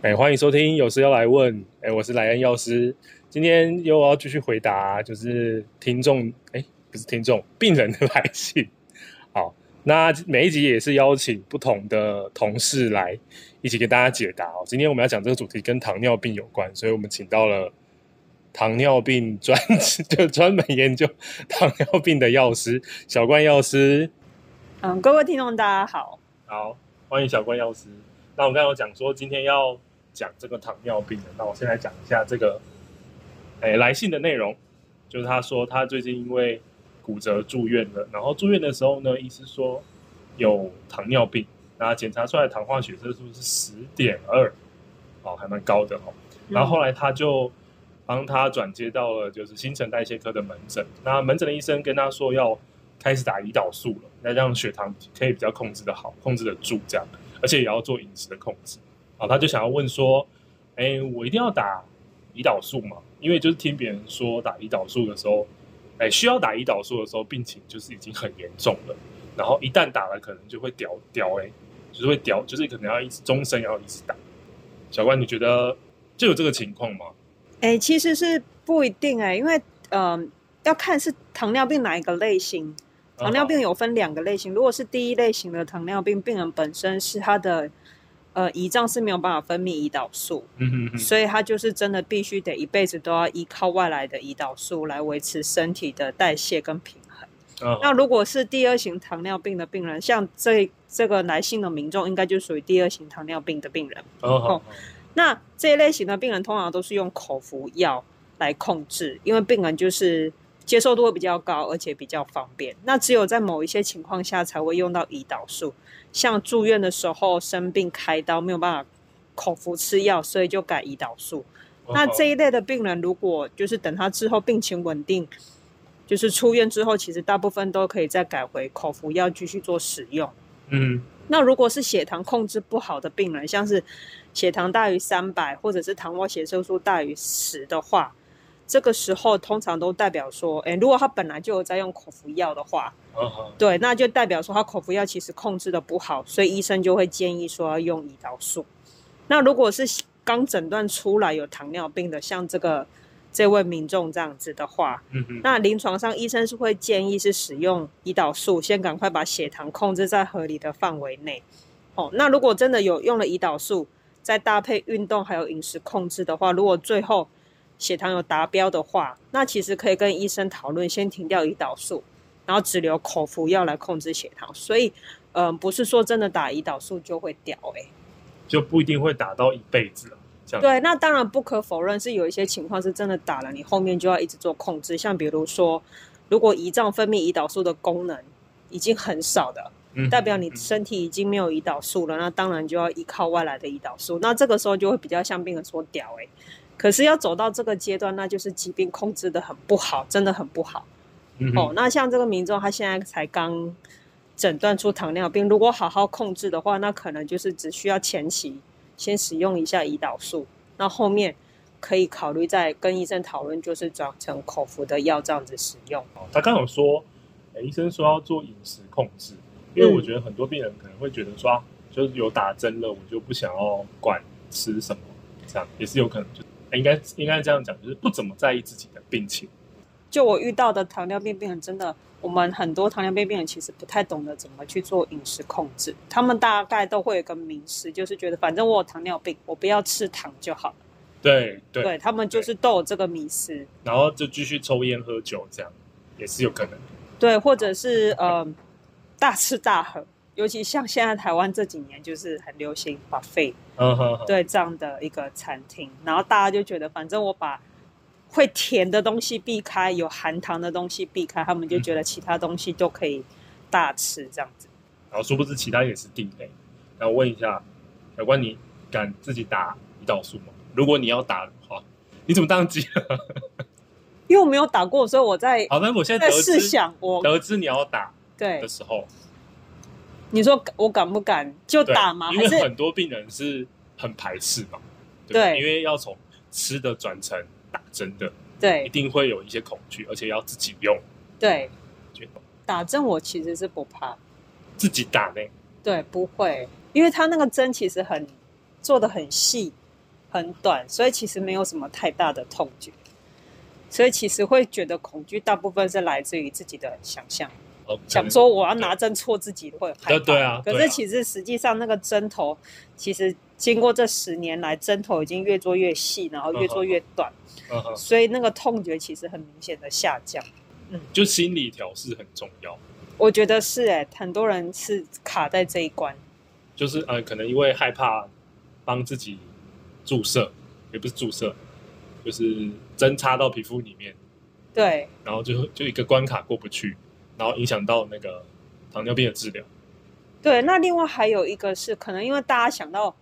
哎、欸，歡迎收聽《有事藥來問》欸。我是萊恩藥師，今天又要繼續回答，啊，就是聽眾、欸、不是聽眾，病人的來信。好，那每一集也是邀請不同的同事來一起給大家解答哦。今天我們要講這個主題跟糖尿病有關，所以我們請到了糖尿病專 就專門研究糖尿病的藥師小冠藥師。嗯，各位聽眾大家好，好，歡迎小冠藥師。那我們剛剛有講說今天要。講這個糖尿病的，那我先來講一下這個，哎，來信的內容，就是他說他最近因為骨折住院了，然後住院的時候呢，醫師說有糖尿病，那檢查出來的糖化血色素是十點二，哦，還蠻高的哦。嗯、然後後來他就幫他轉接到了就是新陳代謝科的門診，那門診的醫生跟他說要開始打胰島素了，那讓血糖可以比較控制的好，控制得住這樣，而且也要做飲食的控制。啊，他就想要問說，哎、欸，我一定要打胰島素嗎？因為就是聽別人說打胰島素的時候，哎、欸，需要打胰島素的時候，病情就是已經很嚴重了。然後一旦打了，可能就會掉掉，哎、欸，就是會掉，就是可能要一直終身要一直打。小關，你覺得就有這個情況嗎？哎、欸，其實是不一定哎、欸，因為嗯、呃，要看是糖尿病哪一個類型。糖尿病有分兩個類型，如果是第一類型的糖尿病病人本身是他的。呃，胰臟是沒有辦法分泌胰島素，嗯、哼哼所以他就是真的必須得一輩子都要依靠外來的胰島素來維持身體的代謝跟平衡。哦、好那如果是第二型糖尿病的病人，像這這個男性的民眾，應該就屬於第二型糖尿病的病人。哦，好哦那這一類型的病人通常都是用口服藥來控制，因為病人就是。接受度會比較高，而且比較方便。那只有在某一些情況下才會用到胰島素，像住院的時候、生病開刀沒有辦法口服吃藥，所以就改胰島素。Oh. 那這一類的病人，如果就是等他之後病情穩定，就是出院之後，其實大部分都可以再改回口服藥繼續做使用。嗯、mm-hmm. 那如果是血糖控制不好的病人，像是血糖大於三百，或者是糖化血色素大於十的話，這個時候通常都代表說，哎，如果他本來就有在用口服藥的話，哦、好對，那就代表說他口服藥其實控制的不好，所以醫生就會建議說要用胰島素。那如果是剛診斷出來有糖尿病的，像這個這位民眾這樣子的話，嗯、哼那臨床上醫生是會建議是使用胰島素，先趕快把血糖控制在合理的範圍內。哦，那如果真的有用了胰島素，再搭配運動還有飲食控制的話，如果最後血糖有達標的話，那其實可以跟醫生討論，先停掉胰島素，然後只留口服藥來控制血糖。所以，嗯、呃，不是說真的打胰島素就會屌哎、欸，就不一定會打到一輩子了。這樣對，那當然不可否認是有一些情況是真的打了，你後面就要一直做控制。像比如說，如果胰臟分泌胰島素的功能已經很少了，代表你身體已經沒有胰島素了，嗯嗯，那當然就要依靠外來的胰島素。那這個時候就會比較像病人說屌、欸：“屌欸。”可是要走到這個階段，那就是疾病控制得很不好，真的很不好。嗯、哼哦，那像這個民眾，他現在才剛診斷出糖尿病，如果好好控制的話，那可能就是只需要前期先使用一下胰島素，那後面可以考慮再跟醫生討論，就是轉成口服的藥這樣子使用。他剛剛有說，哎、欸，醫生說要做飲食控制，因為我覺得很多病人可能會覺得說，嗯、就是有打針了，我就不想要管吃什麼，這樣也是有可能就。應該應該這樣講，就是不怎麼在意自己的病情。就我遇到的糖尿病病人，真的，我們很多糖尿病病人其實不太懂得怎麼去做飲食控制。他們大概都會有一個迷思，就是覺得反正我有糖尿病，我不要吃糖就好了。對對，對，他們就是逗這個迷思，然後就繼續抽菸喝酒，這樣也是有可能。對，或者是 呃，大吃大喝。尤其像現在台灣這幾年，就是很流行 buffet 對、嗯、這樣的一個餐廳，嗯、然後大家就覺得，反正我把會甜的東西避開，有含糖的東西避開，他們就覺得其他東西都可以大吃、嗯、這樣子。然後殊不知，其他也是定位。那我問一下小冠，你敢自己打胰島素嗎？如果你要打，的話你怎麼當機？ 因為我沒有打過，所以我在好，那我現在，在試想我，我得知你要打對的時候。你說我敢不敢就打嗎？對是因為很多病人是很排斥嘛，對，對對，因為要從吃的轉成打針的，對，一定會有一些恐懼，而且要自己用，對。就打針我其實是不怕，自己打呢？對，不會，因為他那個針其實很做得很細很短，所以其實沒有什麼太大的痛覺，所以其實會覺得恐懼，大部分是來自於自己的想象想說我要拿針戳自己會害怕，能對啊。可是其實實際上那個針頭，其實經過這十年來，針頭已經越做越細，然後越做越短，所以那個痛覺其實很明顯的下降。嗯，就心理調適很重要，我覺得是哎、欸，很多人是卡在這一關，就是呃，可能因為害怕幫自己注射，也不是注射，就是針插到皮膚裡面，對。然後就就一個關卡過不去。然後影響到那個糖尿病的治療。對，那另外還有一個是，可能因為大家想到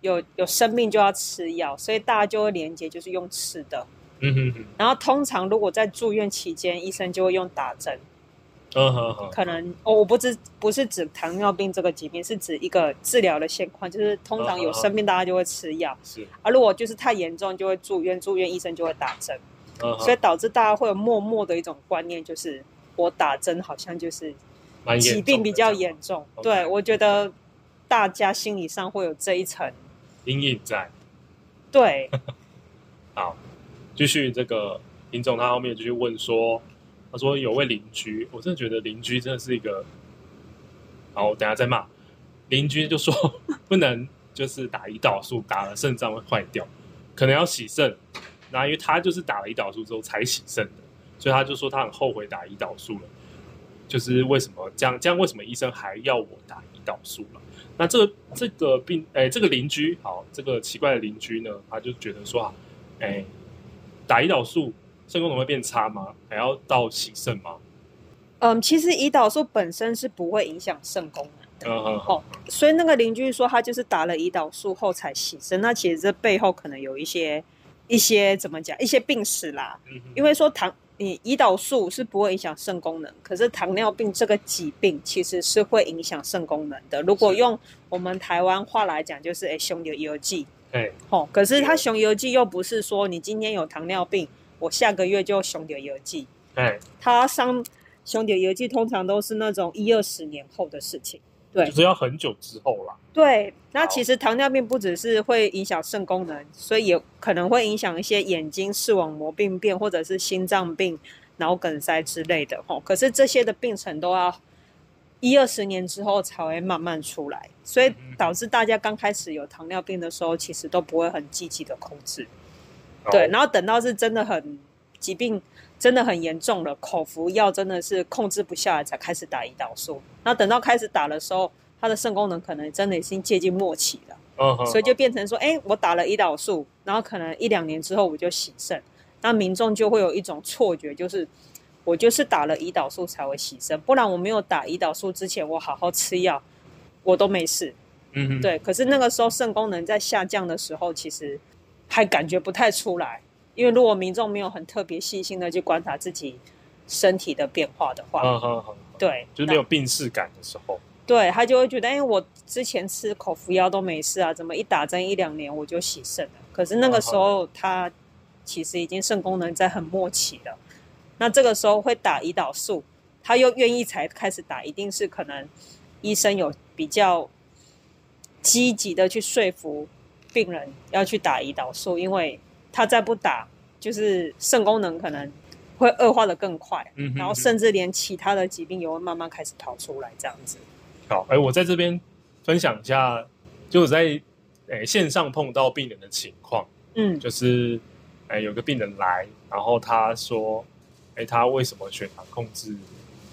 有有生病就要吃藥，所以大家就會連結，就是用吃的。嗯嗯嗯。然後通常如果在住院期間，醫生就會用打針。嗯、哼哼可能哦，我不知不是指糖尿病這個疾病，是指一個治療的現況，就是通常有生病，大家就會吃藥。嗯、哼哼是。啊，如果就是太嚴重，就會住院，住院醫生就會打針。嗯、哼所以導致大家會有默默的一種觀念，就是。我打針好像就是，疾病比較嚴重。重啊、對，我覺得大家心理上會有這一層陰影在。對， 好，繼續這個林總，他後面繼續問說，他說有位鄰居，我真的覺得鄰居真的是一個，好，我等下再罵鄰居，就說不能就是打胰島素， 打了腎臟會壞掉，可能要洗腎，那、啊、因為他就是打了胰島素之後才洗腎的。所以他就說他很後悔打胰島素了，就是為什麼這樣？這樣為什麼醫生還要我打胰島素了？那這個、這個病，哎、欸，這個鄰居，好，這個奇怪的鄰居呢，他就覺得說啊，哎、欸，打胰島素腎功能會變差嗎？還要到洗腎嗎？嗯，其實胰島素本身是不會影響腎功能的，嗯哼，嗯嗯所以那個鄰居說他就是打了胰島素後才洗腎。那其實這背後可能有一些一些怎麼講，一些病史啦，嗯哼，因為說糖。你胰島素是不會影響腎功能，可是糖尿病這個疾病其實是會影響腎功能的。如果用我們台灣話來講，就是哎， 欸、熊油寄對、吼，可是他熊油劑又不是說你今天有糖尿病，我下個月就熊油劑。哎、欸，他傷熊油寄通常都是那種一二十年後的事情。對就是要很久之後啦，對，好那其實糖尿病不只是會影響腎功能，所以也可能會影響一些眼睛視網膜病變，或者是心臟病、腦梗塞之類的吼，可是這些的病程都要一二十年之後才會慢慢出來，所以導致大家剛開始有糖尿病的時候，其實都不會很積極的控制。好對，然後等到是真的很疾病。真的很嚴重了，口服藥真的是控制不下來，才開始打胰島素。那等到開始打的時候，他的腎功能可能真的已經接近末期了。嗯哼。所以就變成說，哎、欸，我打了胰島素，然後可能一兩年之後我就洗腎。那民眾就會有一種錯覺，就是我就是打了胰島素才會洗腎，不然我沒有打胰島素之前，我好好吃藥，我都沒事。嗯哼、mm。Hmm. 對，可是那個時候腎功能在下降的時候，其實還感覺不太出來。因為如果民眾沒有很特別細心的去觀察自己身體的變化的話，嗯對，嗯那就是沒有病識感的時候，對，他就會覺得，哎，我之前吃口服藥都沒事啊，怎麼一打針一兩年我就洗腎了？可是那個時候、嗯、他其實已經腎功能在很末期了、嗯嗯、了，那這個時候會打胰島素，他又願意才開始打，一定是可能醫生有比較積極的去說服病人要去打胰島素，因為。他再不打，就是腎功能可能會惡化得更快，嗯、哼哼，然後甚至連其他的疾病也會慢慢開始逃出來，這樣子。好，哎，我在這邊分享一下，就我在哎線上碰到病人的情況，嗯，就是哎有個病人來，然後他說，哎，他為什麼血糖控制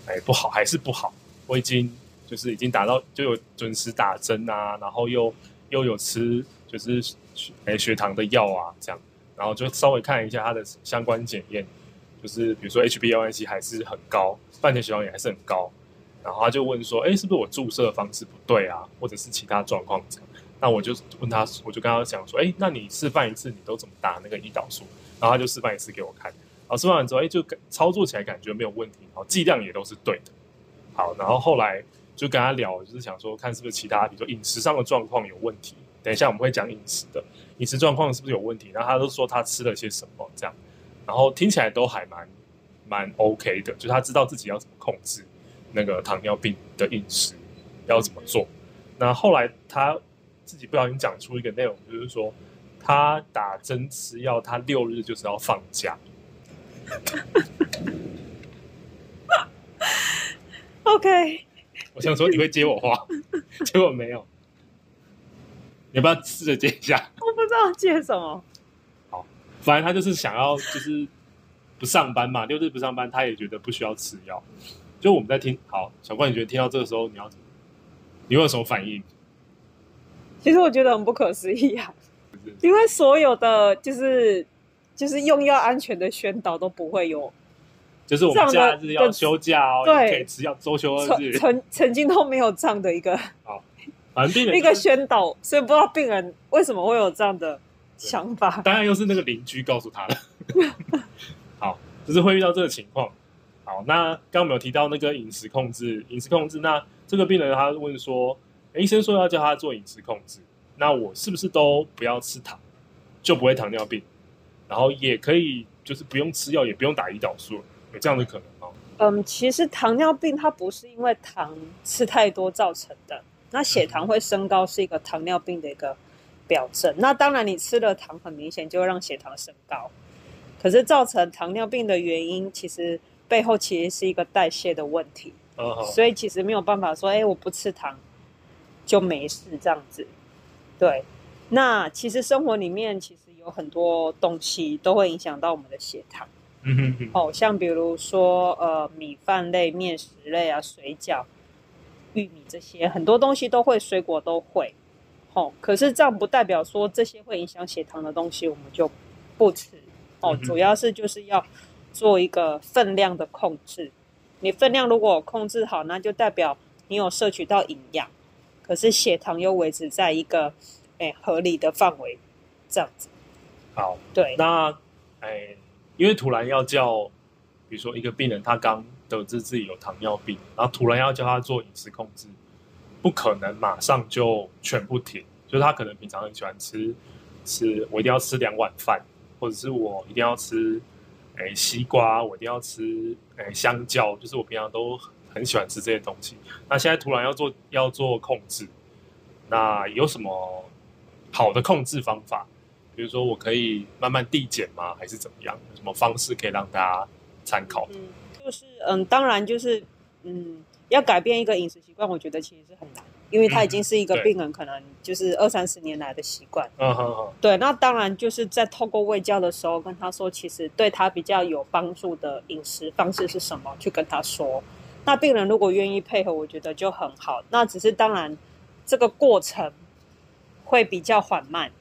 哎不好還是不好？我已經就是已經達到就有準時打針啊，然後又又有吃就是哎血糖的藥啊這樣。然後就稍微看一下他的相關檢驗，就是比如說 HbA1c 還是很高，飯前血糖也還是很高。然後他就問說：“哎，是不是我注射的方式不對啊？或者是其他狀況？”這樣，那我就問他，我就跟他講說：“哎，那你示範一次，你都怎麼打那個胰島素？”然後他就示範一次給我看。然後示範完之後，哎，就操作起來感覺沒有問題，然後劑量也都是對的。好，然後後來就跟他聊，就是想說看是不是其他，比如說飲食上的狀況有問題。等一下，我們會講飲食的，飲食狀況是不是有問題？然後他都說他吃了些什麼，這樣，然後聽起來都還蠻蠻 OK 的，就他知道自己要怎麼控制那個糖尿病的飲食要怎麼做。那後來他自己不小心講出一個內容，就是說他打針吃藥，他六日就是要放假。 OK，我想說你會接我話，結果沒有。你要不要試着接一下？我不知道接什麼。好，反正他就是想要，就是不上班嘛， 六日不上班，他也覺得不需要吃藥。就我們在聽，好，小冠，你覺得聽到這個時候，你要，你會有什麼反應？其實我覺得很不可思議啊，因為所有的就是就是用藥安全的宣導都不會有，就是我們假日要休假、哦，對，可以吃藥，週休二日，曾曾經都沒有這樣的一個。好一、啊、個宣導，所以不知道病人為什麼會有這樣的想法。當然又是那個鄰居告訴他的。 好，只、就是會遇到這個情況。好，那剛剛沒有提到那個飲食控制。飲食控制，那這個病人他問說：“欸、醫生說要叫他做飲食控制，那我是不是都不要吃糖，就不會糖尿病？然後也可以就是不用吃藥，也不用打胰島素，有這樣的可能嗎？”哦、嗯，其實糖尿病它不是因為糖吃太多造成的。那血糖會升高是一個糖尿病的一個表徵。嗯、那當然，你吃了糖，很明顯就會讓血糖升高。可是造成糖尿病的原因，其實背後其實是一個代謝的問題。哦、所以其實沒有辦法說，哎、欸，我不吃糖就沒事這樣子。對。那其實生活裡面其實有很多東西都會影響到我們的血糖。嗯哼哼。哦，像比如說呃，米飯類、麵食類啊，水餃。玉米、這些很多東西都會，水果都會，好、哦。可是這樣不代表說這些會影響血糖的東西，我們就不吃哦。嗯、哼主要是就是要做一個分量的控制。你分量如果控制好，那就代表你有攝取到營養，可是血糖又維持在一個誒、欸、合理的範圍，這樣子。好。對。那誒、欸，因為突然要叫，比如說一個病人他，他剛。有知自，自己有糖尿病，然後突然要叫他做飲食控制，不可能馬上就全部停。就是他可能平常很喜歡吃，吃我一定要吃兩碗飯，或者是我一定要吃，誒、欸、西瓜，我一定要吃，誒、欸、香蕉，就是我平常都很喜歡吃這些東西。那現在突然要做要做控制，那有什麼好的控制方法？比如說我可以慢慢遞減嗎？還是怎麼樣？有什麼方式可以讓大家參考？嗯就是嗯，當然就是嗯，要改變一個飲食習慣，我覺得其實是很難，因為他已經是一個病人，可能就是二三十年來的習慣。嗯對，對，那當然就是在透過衛教的時候跟他說，其實對他比較有幫助的飲食方式是什麼，去跟他說。那病人如果願意配合，我覺得就很好。那只是當然，這個過程會比較緩慢。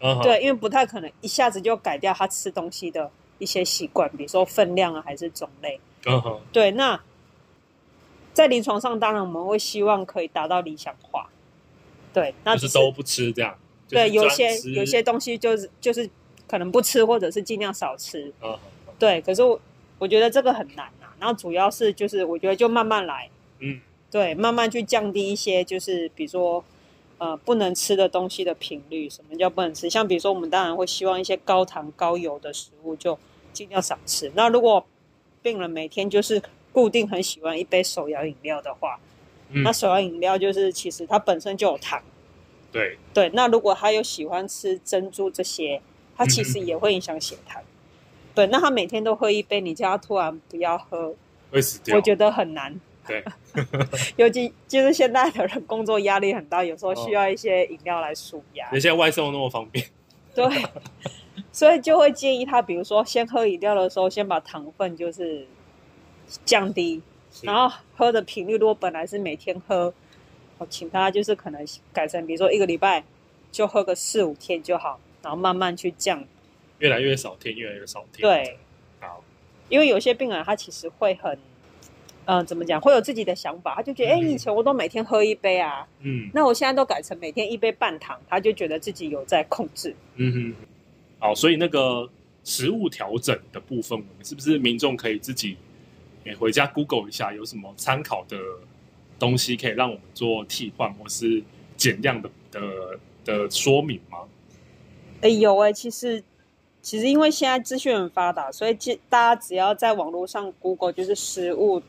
嗯、對，因為不太可能一下子就改掉他吃東西的一些習慣，比如說分量啊，還是種類。嗯、oh, 對，那在臨床上，當然我們會希望可以達到理想化。對，那只是,是都不吃這樣。就是、對，有些有些東西就是就是可能不吃，或者是盡量少吃。Oh, 對，可是我我覺得這個很難啊。然後主要是就是我覺得就慢慢來。嗯。對，慢慢去降低一些，就是比如說呃不能吃的東西的頻率。什麼叫不能吃？像比如說，我們當然會希望一些高糖高油的食物就盡量少吃。那如果病人每天就是固定很喜歡一杯手搖飲料的話，嗯、那手搖飲料就是其實它本身就有糖，對對。那如果他又喜歡吃珍珠這些，他其實也會影響血糖。嗯、對，那他每天都喝一杯，你叫他突然不要喝，會死掉，我覺得很難。對，尤其 就是現在的人工作壓力很大，有時候需要一些飲料來舒壓。你現在外送那麼方便。對。 所以就會建議他，比如說先喝飲料的時候，先把糖分就是降低，是然後喝的頻率，如果本來是每天喝，我請他就是可能改成，比如說一個禮拜就喝個四五天就好，然後慢慢去降，越來越少天，越來越少天，對，好，因為有些病人他其實會很，嗯、呃，怎麼講，會有自己的想法，他就覺得，哎、嗯，你以前我都每天喝一杯啊，嗯，那我現在都改成每天一杯半糖，他就覺得自己有在控制，嗯哼。好、哦、所以那個食物調整的部分，我們是不是民眾可以自己，欸，回家 Google 一下，有什麼參考的東西可以讓我們做替換或是減量的的的說明嗎？哎、欸、有哎、欸，其實其實因為現在資訊很發達，所以大家只要在網絡上 Google 就是食物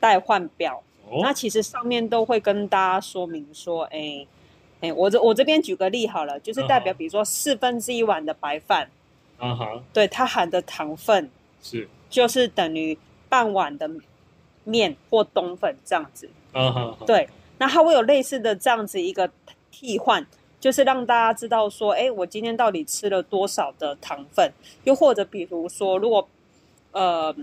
代換表，哦、那其實上面都會跟大家說明說，哎、欸。哎，我這我這邊舉個例好了，就是代表比如說四分之一碗的白飯，啊哈、uh huh. 對，它含的糖分是，就是等於半碗的麵或冬粉這樣子，啊、uh huh. 對，那它會有類似的這樣子一個替換，就是讓大家知道說，哎，我今天到底吃了多少的糖分，又或者比如說，如果呃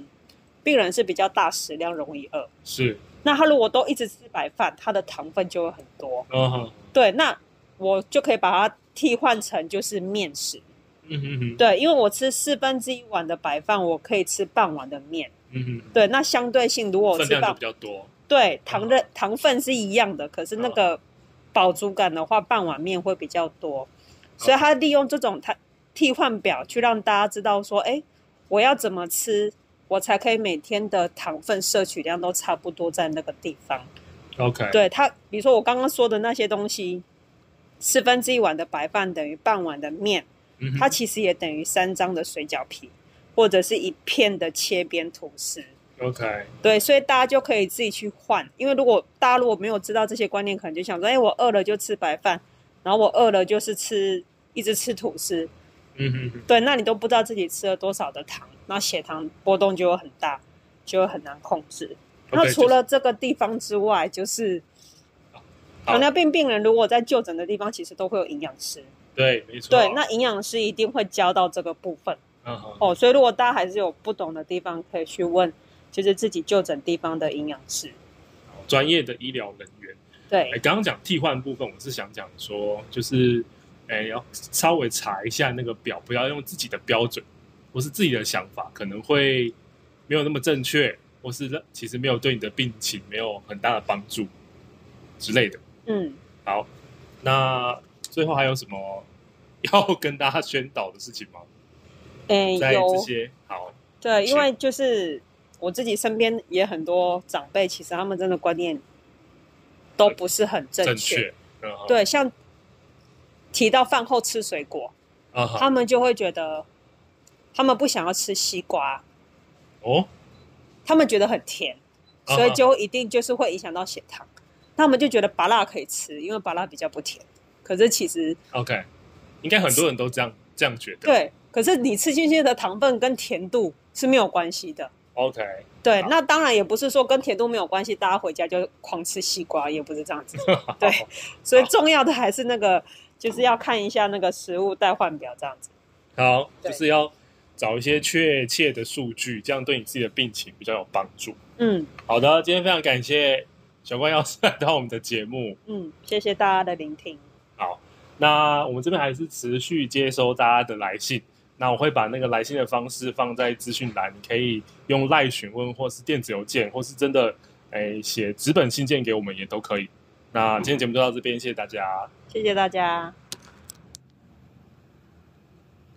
病人是比較大食量，容易餓，是、uh huh. 那他如果都一直吃白飯，他的糖分就會很多，uh huh. 對，那我就可以把它替換成就是麵食。嗯嗯。對，因為我吃四分之一碗的白飯，我可以吃半碗的麵。嗯嗯哼。對，那相對性，如果我吃量都比較多，對糖的、啊、糖分是一樣的，可是那個飽足感的話，啊、半碗麵會比較多，啊、所以他利用這種他替、替換表，去讓大家知道說，哎，我要怎麼吃，我才可以每天的糖分攝取量都差不多在那個地方。OK，對，他比如說我剛剛說的那些東西，四分之一碗的白飯等於半碗的麵，嗯、哼它其實也等於三張的水餃皮，或者是一片的切邊吐司。OK，對，所以大家就可以自己去換，因為如果大家如果沒有知道這些觀念，可能就想說，哎，我餓了就吃白飯，然後我餓了就是吃，一直吃吐司。嗯哼哼，對，那你都不知道自己吃了多少的糖，那血糖波動就會很大，就會很難控制。Okay, 那除了這個地方之外，就是、就是，糖尿病病人如果在就診的地方，其實都會有營養師。對，沒錯。對，哦、那營養師一定會教到這個部分。哦，哦哦，所以如果大家還是有不懂的地方，可以去問，就是自己就診地方的營養師，專業的醫療人員。對。哎，剛剛講替換的部分，我是想講說，就是，哎，要稍微查一下那個表，不要用自己的標準，不是自己的想法，可能會沒有那麼正確。我是其實沒有對你的病情沒有很大的幫助之類的。嗯，好，那最後還有什麼要跟大家宣導的事情嗎？欸、有在這些。好，對，前因為就是我自己身邊也很多長輩，其實他們真的觀念都不是很正確。正確，嗯、對，像提到飯後吃水果，嗯、哼他們就會覺得他們不想要吃西瓜。哦。他們覺得很甜，所以就一定就是會影響到血糖。Uh huh. 他們就覺得芭樂可以吃，因為芭樂比較不甜。可是其實，OK，應該很多人都這樣這樣覺得。對，可是你吃進去的糖分跟甜度是沒有關係的。OK，對，好那當然也不是說跟甜度沒有關係，大家回家就狂吃西瓜也不是這樣子。 對，所以重要的還是那個， 就是要看一下那個食物代換表這樣子。好，對就是要。找一些確切的數據，這樣對你自己的病情比較有幫助。嗯，好的，今天非常感謝小冠藥師來到我們的節目。嗯，謝謝大家的聆聽。好，那我們這邊還是持續接收大家的來信，那我會把那個來信的方式放在資訊欄，你可以用賴詢問，或是電子郵件，或是真的誒寫紙本信件給我們也都可以。那今天節目就到這邊，謝謝大家，嗯、謝謝大家。